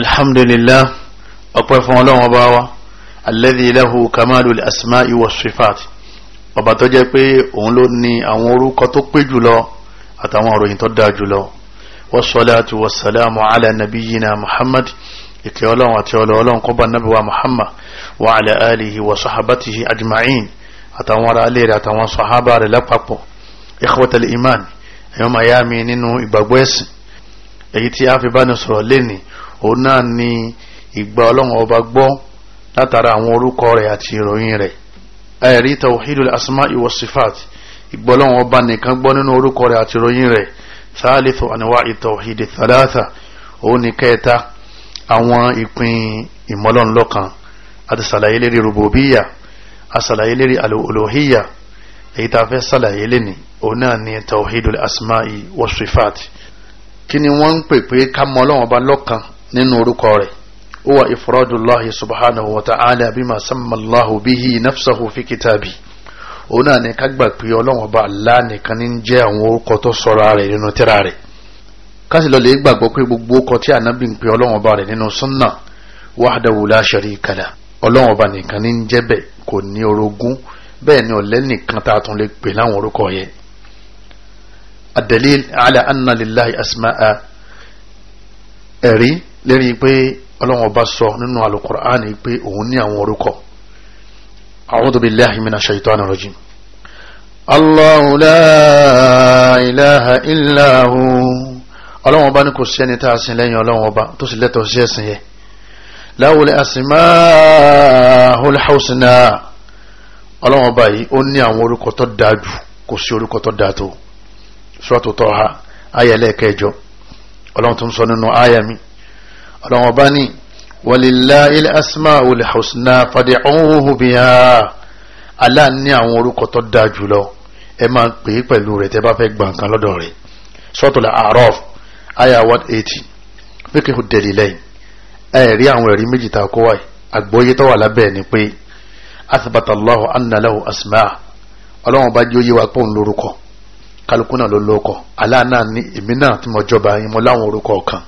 alhamdulillah ọpẹ́ fún ọlọ́run ọba wa alladhi lahu kamalul asma'i wa sifat ọba tó jẹ́ pé òun ló ní àwọn orúkọ tó pé jùlọ àtàwọn òròyìn tó dáa jùlọ wassalatu wassalamu ala nabiyyina muhammad ìkẹ́ ọlọ́run àti ọlọ́run kó bá nabi wa muhammad wa ala alihi wa sahabatihi ajma'in àtàwọn ará alẹ́ rẹ̀ àtàwọn sahaba rẹ̀ lápapọ̀ ikhwatal iman ẹ̀yọ́ mayami nínú ìgbàgbọ́ ẹ̀sìn èyí tí a fi bá ní sọ̀rọ̀ lénìí òun náà ni ìgbà ọlọ́run ọba gbọ́ látara àwọn orúkọ rẹ̀ àti ìròyìn rẹ̀ ẹ̀rí tawhidul asma'i was sifat ìgbà ọlọ́run ọba nìkan gbọ́ nínú orúkọ rẹ̀ àti ìròyìn rẹ̀ thalithu anwa'i tawhid thalatha òun ni kẹta àwọn ìpín ìmọ̀lọ́nlọ́kan àti sàlàyé lérí rububiyya àsàlàyé lérí al èyí tá a fẹ́ sàlàyé lẹ́ni òun náà ni tawhidul asma'i was sifat kí ni wọ́n ń pè pé ká mọ ọlọ́run ọba lọ́kan nínú orúkọ rẹ̀ ó wà ifradullahi subhanahu wa ta'ala bima sammallahu bihi nafsahu fi kitabi òun náà ni ká gbà pé ọlọ́run ọba Allah nìkan ní jẹ́ àwọn orúkọ tó sọra rẹ̀ nínú tírà rẹ̀ kásì lọ lè gbàgbọ́ pé gbogbo orúkọ tí ànábì pe ọlọ́run ọba rẹ̀ nínú súnà wahdahu la sharika lah ọlọ́run ọba nìkan ní jẹ́ bẹ́ẹ̀ kò ní orogún bẹ́ẹ̀ ni ọ̀lẹ́ nìkan tá a tún lè pè láwọn orúkọ yẹn ad ala anna lillahi asma'a ẹ̀rí lérí pé ọlọ́run ọba sọ nínú alukur'an pé òun ní àwọn orúkọ a'udhu billahi mina shaitani rajim allahu la ilaha illa hu ọlọ́run ọba ní kò sí ẹni tá a sin lẹ́yìn ọlọ́run ọba tó sì lẹ́tọ̀ọ́ sí ẹ̀sìn yẹn àwọn tó dáa jù kò sí orúkọ tó dáa ọlọ́run tó ń sọ nínú àyà mi ọlọ́run ọba ní walillahi al-asma'ul husna fad'uhu biha Allah ní àwọn orúkọ tó dáa jùlọ ẹ máa ń pè é pẹ̀lú rẹ̀ tẹ́ bá fẹ́ gbà nǹkan lọ́dọ̀ rẹ̀ suratul A'raf àyà 180 fíkìhù dalilayn ẹ rí àwọn ẹ̀rí méjì tá a kó wáyé àgbóyé tó wà lábẹ́ ni pé athbata Allahu asma ọlọ́run ọba jẹ́ òye wa pọ̀ ń kálukú náà ló lóko Allah náà ní èmi náà tí mo jọba yín mo láwọn orúkọ kan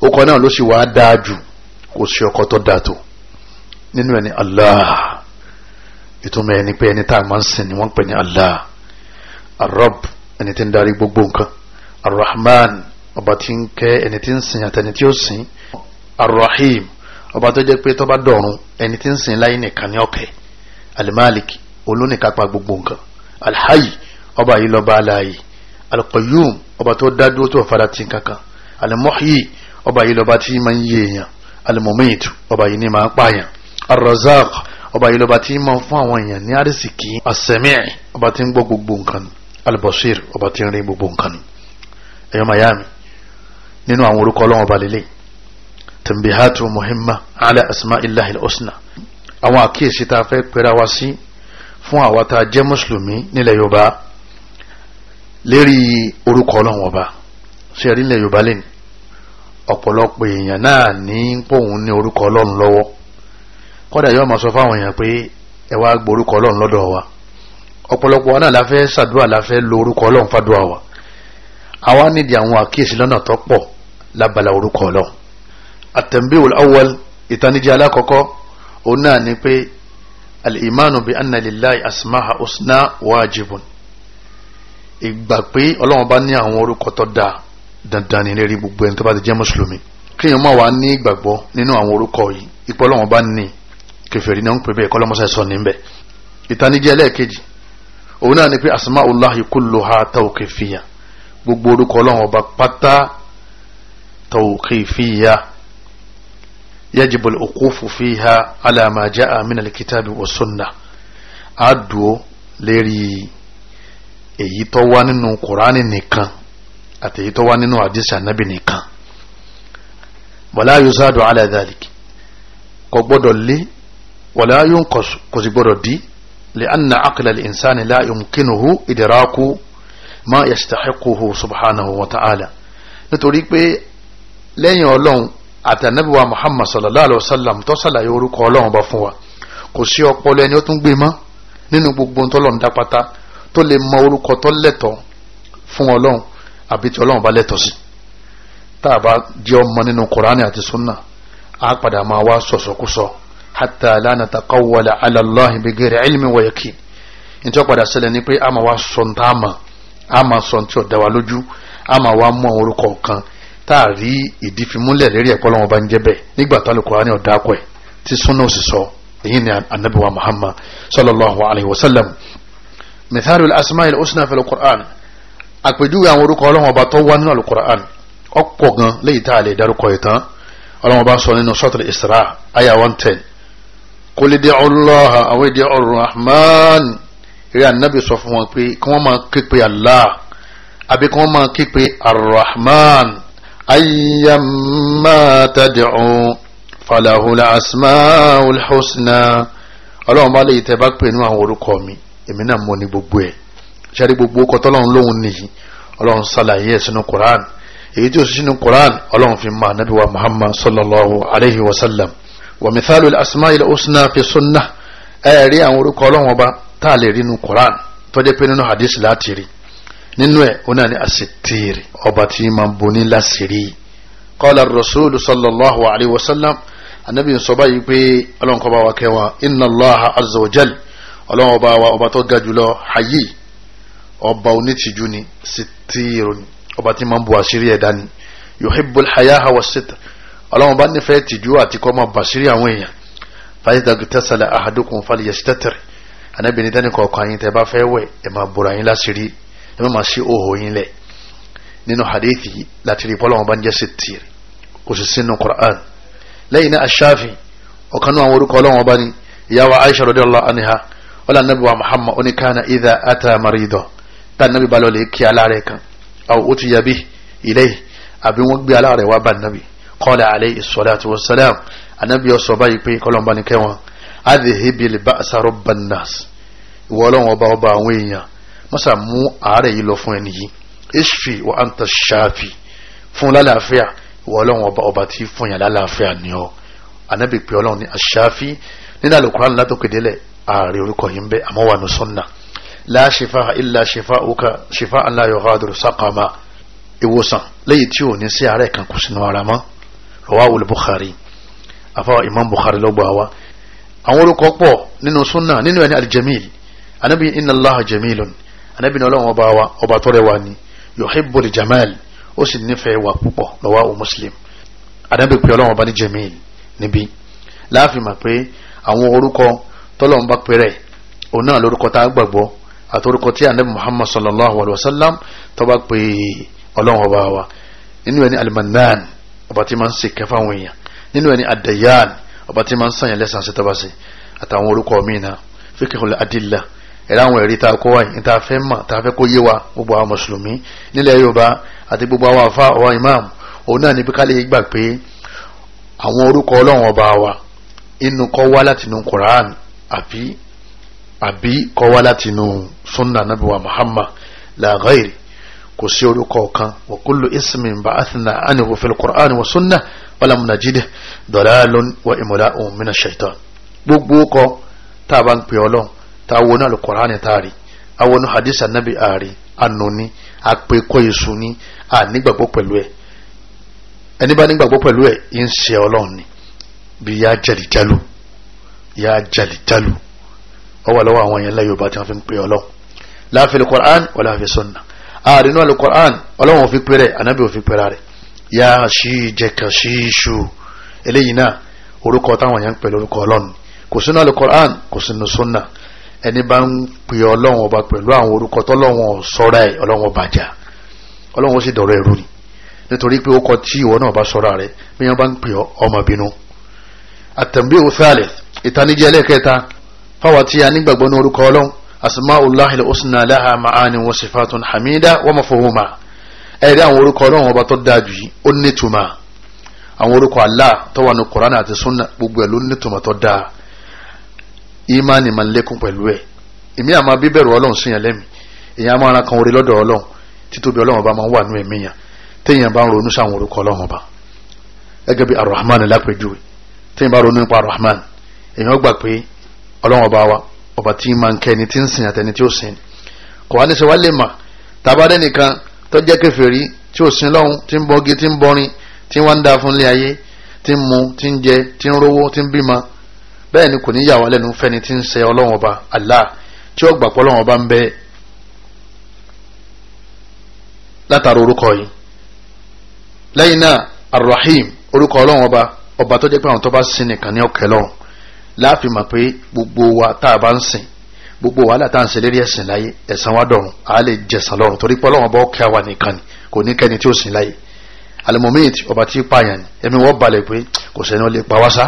orúkọ náà ló sì wá dáa jù kò sí ọkọ tó dáa tó nínú ẹni Allah ìtumọ̀ ẹni pé ẹni tá a máa ń sìn ni wọ́n pè ní Allah arab ẹni tí ń darí gbogbo nǹkan arrahman ọba tí ń kẹ́ ẹni tí ń sìn àtẹni tí ó sìn arrahim ọba tó jẹ́ pé tó dọ̀run ẹni tí ń sìn láyé nìkan ní ọ̀kẹ́ alimalik olónìkápá gbogbo nǹkan alhayi ọba yìí lọ́ba aláàyè alqayyum ọba tó dádúró tó fara tí kankan almuhyi ọba yìí lọ́ba tí máa ń yé èèyàn almumit ọba yìí ni máa ń pààyàn arrazaq ọba yìí lọ́ba tí máa ń fún àwọn èèyàn ní àrísìkí asẹ̀mí ọba tí ń gbọ́ gbogbo nǹkan albasir ọba tí ń rí gbogbo nǹkan ẹ̀yọ́ mayami nínú àwọn orúkọ ọlọ́wọ́n ọba lélẹ̀ tambihatu muhimma ala asma'illahi al-husna àwọn àkíyèsí tá a fẹ́ pera wa sí fún àwa tá a jẹ́ mùsùlùmí nílẹ̀ yorùbá lérí orúkọ ọlọ́run ọba ṣe rí ilẹ̀ yorùbá lẹ́nu ọ̀pọ̀lọpọ̀ èèyàn náà ní pòun ní orúkọ ọlọ́run lọ́wọ́ kọ́dà yóò máa sọ fáwọn èèyàn pé ẹ wá gbọ́ orúkọ ọlọ́run lọ́dọ̀ wa ọ̀pọ̀lọpọ̀ náà la fẹ́ ṣàdúrà la fẹ́ lo orúkọ ọlọ́run fàdúrà wa àwa nídìí àwọn àkíyèsí lọ́nà tó pọ̀ lábala orúkọ ọlọ́run at ìgbà pé ọlọ́run bá ní àwọn orúkọ tó dáa dandan ní lérí gbogbo ẹni tó bá ti jẹ́ mùsùlùmí kéèyàn máa wà ní ìgbàgbọ́ nínú àwọn orúkọ yìí ipò ọlọ́run bá ní kèfèrí náà ń pè bẹ́ẹ̀ kọ́lọ́mọsá sọ níbẹ̀ ìtanijẹ́ ẹlẹ́ẹ̀kejì òun náà ni pé asma'ullahi kulluha tawqifiyya gbogbo orúkọ ọlọ́run ọba pátá tawqifiyya yajibu al èyí tó wá nínú kùránì nìkan àti èyí tó wá nínú àdìsí ànábì nìkan wàlá yuzadu ala dhalik kò gbọ́dọ̀ lé wàlá yunqas kò sì gbọ́dọ̀ dí lè anna aqla al-insani la yumkinuhu idraku ma yastahiquhu subhanahu wa ta'ala nítorí pé lẹ́yìn ọlọ́run àtànábì wa muhammad sallallahu alayhi wa sallam tó sàlàyé orúkọ ọlọ́run bá fún wa kò sí ọpọlọ ẹni ó tún gbé mọ́ nínú gbogbo ntọ́lọ́ndá pátá tó lè mọ orúkọ tó lẹ́tọ̀ọ́ fún ọlọ́run àbí tí ọlọ́run bá lẹ́tọ̀ọ́ sí tá a bá jẹ́ ọmọ nínú kùránì àti súnà á padà máa wá sọ̀sọ̀kúsọ hatta la nataqawwala ala Allahi bighayri ilmi wa yaqin ní tí ó padà ṣẹlẹ̀ ni pé a máa wá sọ̀ntà àmà a máa sọ tí ó dá wa lójú a máa wá mú àwọn orúkọ kan tá a rí ìdí fi múlẹ̀ lérí ẹ̀kọ́ lọ́wọ́ bá ń jẹ́ bẹ́ẹ̀ nígbà tálù kùránì ọ̀dà kọ̀ ẹ̀ tí súnà ò sì sọ èyí ni anabiwa Muhammad sallallahu alayhi wa sallam mithal al-asma al-husna fi al-Qur'an àpèjúwe àwọn orúkọ ọlọ́wọ́n ọba tó wá nínú al-Qur'an ọ̀pọ̀ gan léyìí tá a lè dárúkọ yìí tán ọlọ́wọ́n ọba sọ nínú suratul Isra aya one ten qul ud'u Allaha aw ud'u ar-Rahman eré anabi sọ fún wọn pé kí wọ́n máa ké pe Allah àbí kí wọ́n máa ké pe ar-Rahman ayyamma tad'u falahu ọlọ́wọ́n ọba léyìí tẹ́ bá pè nínú àwọn orúkọ mi èmi náà mọ̀ ní gbogbo ẹ̀ ṣẹ́rí gbogbo kọ́tọ́ ọlọ́run lóhun nìyí ọlọ́run ṣàlàyé ẹ̀ sínú Quran èyí tí ó sì sínú Quran ọlọ́run fi máa nábì wa Muhammad sallallahu alayhi wa sallam wa mithalu al-asma'i al fi sunnah ẹ̀ rí àwọn orúkọ ọlọ́run ọba tá a lè rí nínú Quran tọ́jú pé nínú hadith láti rí nínú ẹ̀ ó náà ní asitiri ọba tí ma ń boni lásìrí qala ar sallallahu alayhi wa sallam anabi sọ báyìí pé ọlọ́run kọ́ wa kẹwàá inna Allaha azza ọlọ́run ọba wa ọba tó ga jùlọ hayé ọba onítìjú ni sitiru ni ọba tí máa ń bu àṣírí ẹ̀dá ni yuhibbul hayaha wa sitr ọlọ́run ọba nífẹ̀ẹ́ tìjú àti kọ́ máa bàṣírí àwọn èèyàn fàyídàgì tẹ́sàlẹ̀ ahadukum falyasttir anábìnrin tẹ́ni kọ̀ọ̀kan yín tẹ́ bá fẹ́ wẹ̀ ẹ̀ máa bora yín láṣírí ẹ̀ máa ṣe òhò yín lẹ̀ nínú hadithi láti rí pọ́lọ́run ọba ń jẹ́ wala nabi wa muhammad oni kana idha ata marido ta nabi ba lọle kí aláàrẹ̀ kan aw utu yabi ilay àbí wọ́n gbé aláàrẹ̀ wá bá nabi qala alayhi salatu wa salam anabi ó sọ báyìí pé kọlọn bá ní kẹwọn adhihibil ba'sa rabban nas ìwọ Ọlọ́run ọba ọba àwọn èèyàn mọsà mú àárẹ̀ yìí lọ fún ẹni yìí ishfi wa anta shafi fún lálàáfíà ìwọ Ọlọ́run ọba ọba tí fún yàn lálàáfíà ni ọ anabi pé Ọlọ́run ní aṣáfi nínú àlùkùránì látòkèdélẹ̀ ààrẹ orúkọ yìí ń bẹ àmọ́ wà ní sunna la shifa'a illa shifa'uka shifa'an la yughadiru saqama ìwòsàn lẹ́yìn tí ò ní sí àárẹ̀ kan kù sínú ara mọ́ rawahul Bukhari àfọwọ́ Imam Bukhari lọ́gbọ̀ wa àwọn orúkọ pọ̀ nínú sunna nínú ẹni aljamil anabi inna Allaha jamilun anabi ní ọlọ́run ọba wa ọba tó rẹwà ni yuhibbul jamal ó sì nífẹ̀ẹ́ wà púpọ̀ rawahu Muslim anabi pé ọlọ́run ọba ní jamil níbí láàfin mà pé àwọn orúkọ tọ́lọ́run bá pẹ́rẹ́ òun náà lórúkọ tá a gbàgbọ́ àti orúkọ tí anabi muhammad sallallahu alayhi wa sallam tó bá pè ọlọ́run ọba wa nínú ẹni alimannan ọba tí máa ń ṣe kẹfà àwọn èèyàn nínú ẹni adayan ọba tí máa ń sànyẹn lẹ́sàn sí tabasi àtàwọn orúkọ míì náà fíkẹ́hùn adìlá ẹ̀rọ àwọn ẹ̀rí tá a kó wa yìí tá a fẹ́ mọ̀ tá a fẹ́ kó yé wa gbogbo àwọn mùsùlùmí nílẹ̀ yorùbá àti gbogbo àwọn afa àwọn imam òun náà ní bí gbà pé àwọn orúkọ ọlọ́run ọba wa inú kọ́ wá látinú kùránì àfi àbí kọ́ wá láti inú sunna nabi wa muhammad la ghairi kò sí orúkọ kan wa kullu ismin ba'athna anhu fil qur'an wa sunna walam najidih dalalun wa imla'un min ash-shaytan gbogbo kọ tá a bá ń pè ọlọ́run tá a wọnú alukur'ani tá a rí a wọnú hadith anabi a rí anoni apekọ èso ni a nígbàgbọ́ pẹ̀lú ẹ̀ ẹni bá nígbàgbọ́ pẹ̀lú ẹ̀ ń ṣe ọlọ́run ni bí yá jẹ̀díjálò ya jalijalu ó wà lọ́wọ́ àwọn yẹn láyò bá tí wọ́n fi ń pè ọlọ́run láàfin alukur'an wala fi sunna àrínú alukur'an ọlọ́run òfin pèrè anábì òfin pèrè rẹ̀ ya ṣí jẹka ṣí ṣu eléyìí náà orúkọ táwọn yẹn ń pè lórúkọ ọlọ́run kò sínú alukur'an kò sínú sunna ẹni bá ń pè ọlọ́run ọba pẹ̀lú àwọn orúkọ tọ́lọ́run sọ́ra ẹ̀ ọlọ́run ọba jà ọlọ́run ó sì dọ̀rọ̀ ẹ̀rú ni nítorí ìtanijẹ́ ẹlẹ́kẹta fáwọn tí a nígbàgbọ́ ní orúkọ ọlọ́run asma'ullahi al-husna laha ma'ani wa sifatun hamida wa mafhuma ẹ̀rí àwọn orúkọ ọlọ́run ọba tó dáa jù yìí ó nítumọ̀ àwọn orúkọ Allah tó wà ní Qur'an àti sunna gbogbo ẹ̀ ló nítumọ̀ tó dáa ìmánì máa ń lékún pẹ̀lú ẹ̀ èmi àmọ́ bíbẹ̀rù ọlọ́run sí yẹn lẹ́mìí èèyàn máa ran kan orí lọ́dọ̀ ọlọ́run títóbi ọlọ́run ọba máa wà nú ẹ̀mí yẹn téèyàn bá ń ronú sáwọn orúkọ ọlọ́run ọba gẹ́gẹ́ bí arahman lápẹjúwe téèyàn bá ronú nípa arahman èèyàn gbà pé ọlọ́run ọba wa ọba tí máa ń kẹ́ ẹni tí ń sìn àtẹni tí ó sìn kò wá ní sọ wá lè mà tábàdé nìkan tó jẹ́ kèfèrí tí ò sin lọ́hún tí ń bọ́gi tí ń bọrin tí wọ́n ń da fún ilé ayé tí ń mu tí ń jẹ tí ń rówó tí ń bímọ bẹ́ẹ̀ ni kò ní yà wá lẹ́nu fẹ́ni tí ń ṣe ọlọ́run ọba Allah tí ó gbàgbọ́ ọlọ́run ọba ń bẹ látara orúkọ yìí lẹ́yìn náà arrahim orúkọ ọlọ́run ọba ọba tó jẹ́ pé àwọn tó bá sin nìkan ní ọ̀kẹ́ lọ́hún láàfin mọ̀ pé gbogbo wa tá a bá ń sìn gbogbo wàhálà tá à ń ṣe lérí ẹ̀sìn láyé ẹ̀san wa dọ̀run a lè jẹ̀san lọ́run torí pé ọlọ́run bọ́ kí a nìkan ni kò ní kẹ́ni tí ó sìn láyé alimomit ọba tí pààyàn ni ẹ̀mí wọ́n balẹ̀ pé kò sẹ́ni ó lè pa wá sá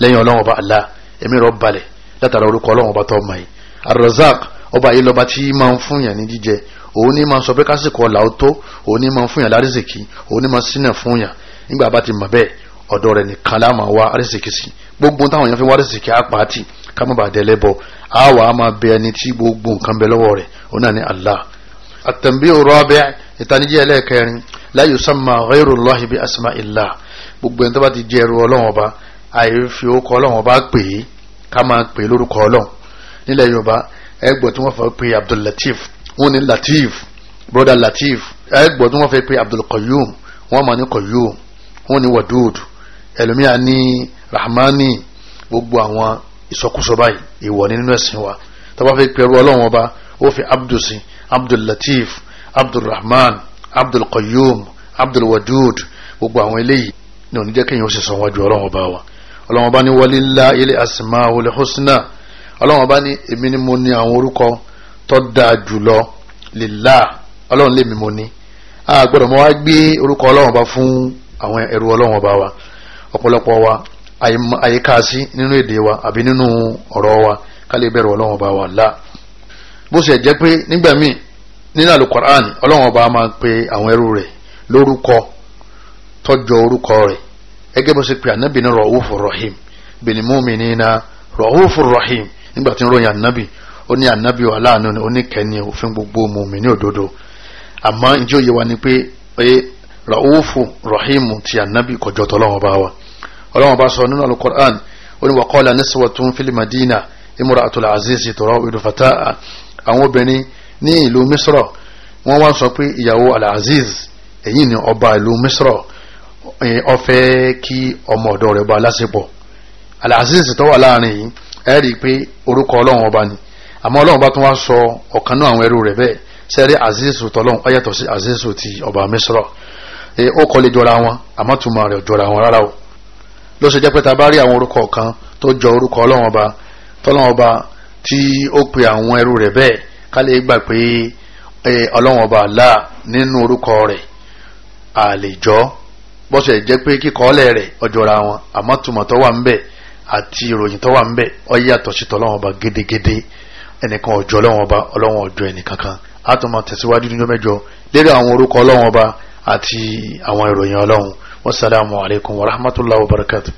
lẹ́yìn ọlọ́run ọba Allah ẹ̀mí rọ balẹ̀ látara orúkọ ọlọ́run ọba tó mọ̀ yìí Ar-Razzaq ọba yìí lọ́ba tí máa ń fún yàn ní jíjẹ òun ní máa sọ pé kásìkò ọ̀là ó tó òun ní máa ń fún yàn lárísìkì òun ní máa sínà fún yàn nígbà bá ti mọ̀ bẹ́ẹ̀ ọ̀dọ̀ rẹ̀ nìkan láàmà wá àrísìkì sí gbogbo táwọn èèyàn fi wá àrísìkì apàtì kámọ́bà dẹ́lẹ́bọ̀ á wà á máa bẹ ẹni tí gbogbo nǹkan bẹ lọ́wọ́ rẹ̀ ó náà ní Allah àtẹ̀mbí ọ̀rọ̀ abẹ́ ìtanijí ẹlẹ́ẹ̀kẹrin la yusamma ghayru Allahi bi asma'illah gbogbo ẹni tó bá ti jẹ́ ẹrú ọlọ́wọ́n ọba àìfi orúkọ ọlọ́wọ́n ọba pè é ká máa pè é lórúkọ ọlọ́wọ́n ẹlòmíà ní rahmani gbogbo àwọn ìsọkúsọ báyìí ìwọ nínú ẹ̀sìn wa tó bá fẹ́ pẹ̀rú ọlọ́run ọba ó fi abdul sí abdul latif abdul rahman abdul qayyum abdul wadud gbogbo àwọn eléyìí ní òní jẹ́ kéèyàn ó sì san wájú ọlọ́run ọba wa ọlọ́run ọba ní walillahi il asmaul husna ọlọ́run ọba ní èmi ni mo ní àwọn orúkọ tó dáa jùlọ lillah ọlọ́run lèmi mo ní a gbọ́dọ̀ wá gbé orúkọ ọlọ́run ọba fún àwọn ẹrú ọlọ́run ọba wa. ọ̀pọ̀lọpọ̀ wa àyíkáàsí nínú èdè wa àbí nínú ọ̀rọ̀ wa ká bẹ̀rù ọba wa là bó ṣe jẹ́ pé nígbà míì nínú alukoran ọlọ́run ọba máa pe àwọn ẹrú rẹ̀ lórúkọ tọ́jọ orúkọ rẹ̀ gẹ́gẹ́ bó ṣe pe ànábì ní rọ̀húfù rọ̀hìm bìnnì múmìnì na rọ̀húfù rọ̀hìm nígbà tí ń ròyìn gbogbo òdodo àmọ́ yẹ ni pé ra'ufu rahimu ti annabi kọjọ tọlọ́wọ́ bá wa ọlọ́wọ́ bá sọ nínú alukur'an ó ní wa qala niswatun fil madina imra'atul aziz turawidu fata'a àwọn obìnrin ní ìlú misra wọ́n wá sọ pé ìyàwó al-aziz èyí ni ọba ìlú misra ó fẹ́ kí ọmọ ọ̀dọ̀ rẹ̀ bá aláṣepọ̀ al-aziz tó wà láàrin yìí ẹ rí i pé orúkọ ọlọ́wọ́n ọba ni àmọ́ ọlọ́wọ́n bá tún wá sọ ọ̀kan náà àwọn ẹrú rẹ̀ bẹ́ẹ̀ sẹ́rí aziz tọlọ́wọ́n ó yàtọ̀ sí aziz ti ọba misra ó kọ́ lè jọra wọn àmọ́ túmọ̀ rẹ̀ jọra wọn rárá o ló ṣe jẹ́ pé ta bá rí àwọn orúkọ kan tó jọ orúkọ ọlọ́wọ́n ọba tọ́lọ́wọ́n tí ó pe àwọn ẹrú rẹ̀ bẹ́ẹ̀ ká lè gbà pé ọlọ́wọ́n ọba là nínú orúkọ rẹ̀ àlejò bọ́sẹ̀ jẹ́ pé rẹ̀ ọjọ́ra wọn àmọ́ wà ń àti ìròyìn àti àwọn ìròyìn ọlọ́run wassalamu alaikum warahmatullahi wabarakatuh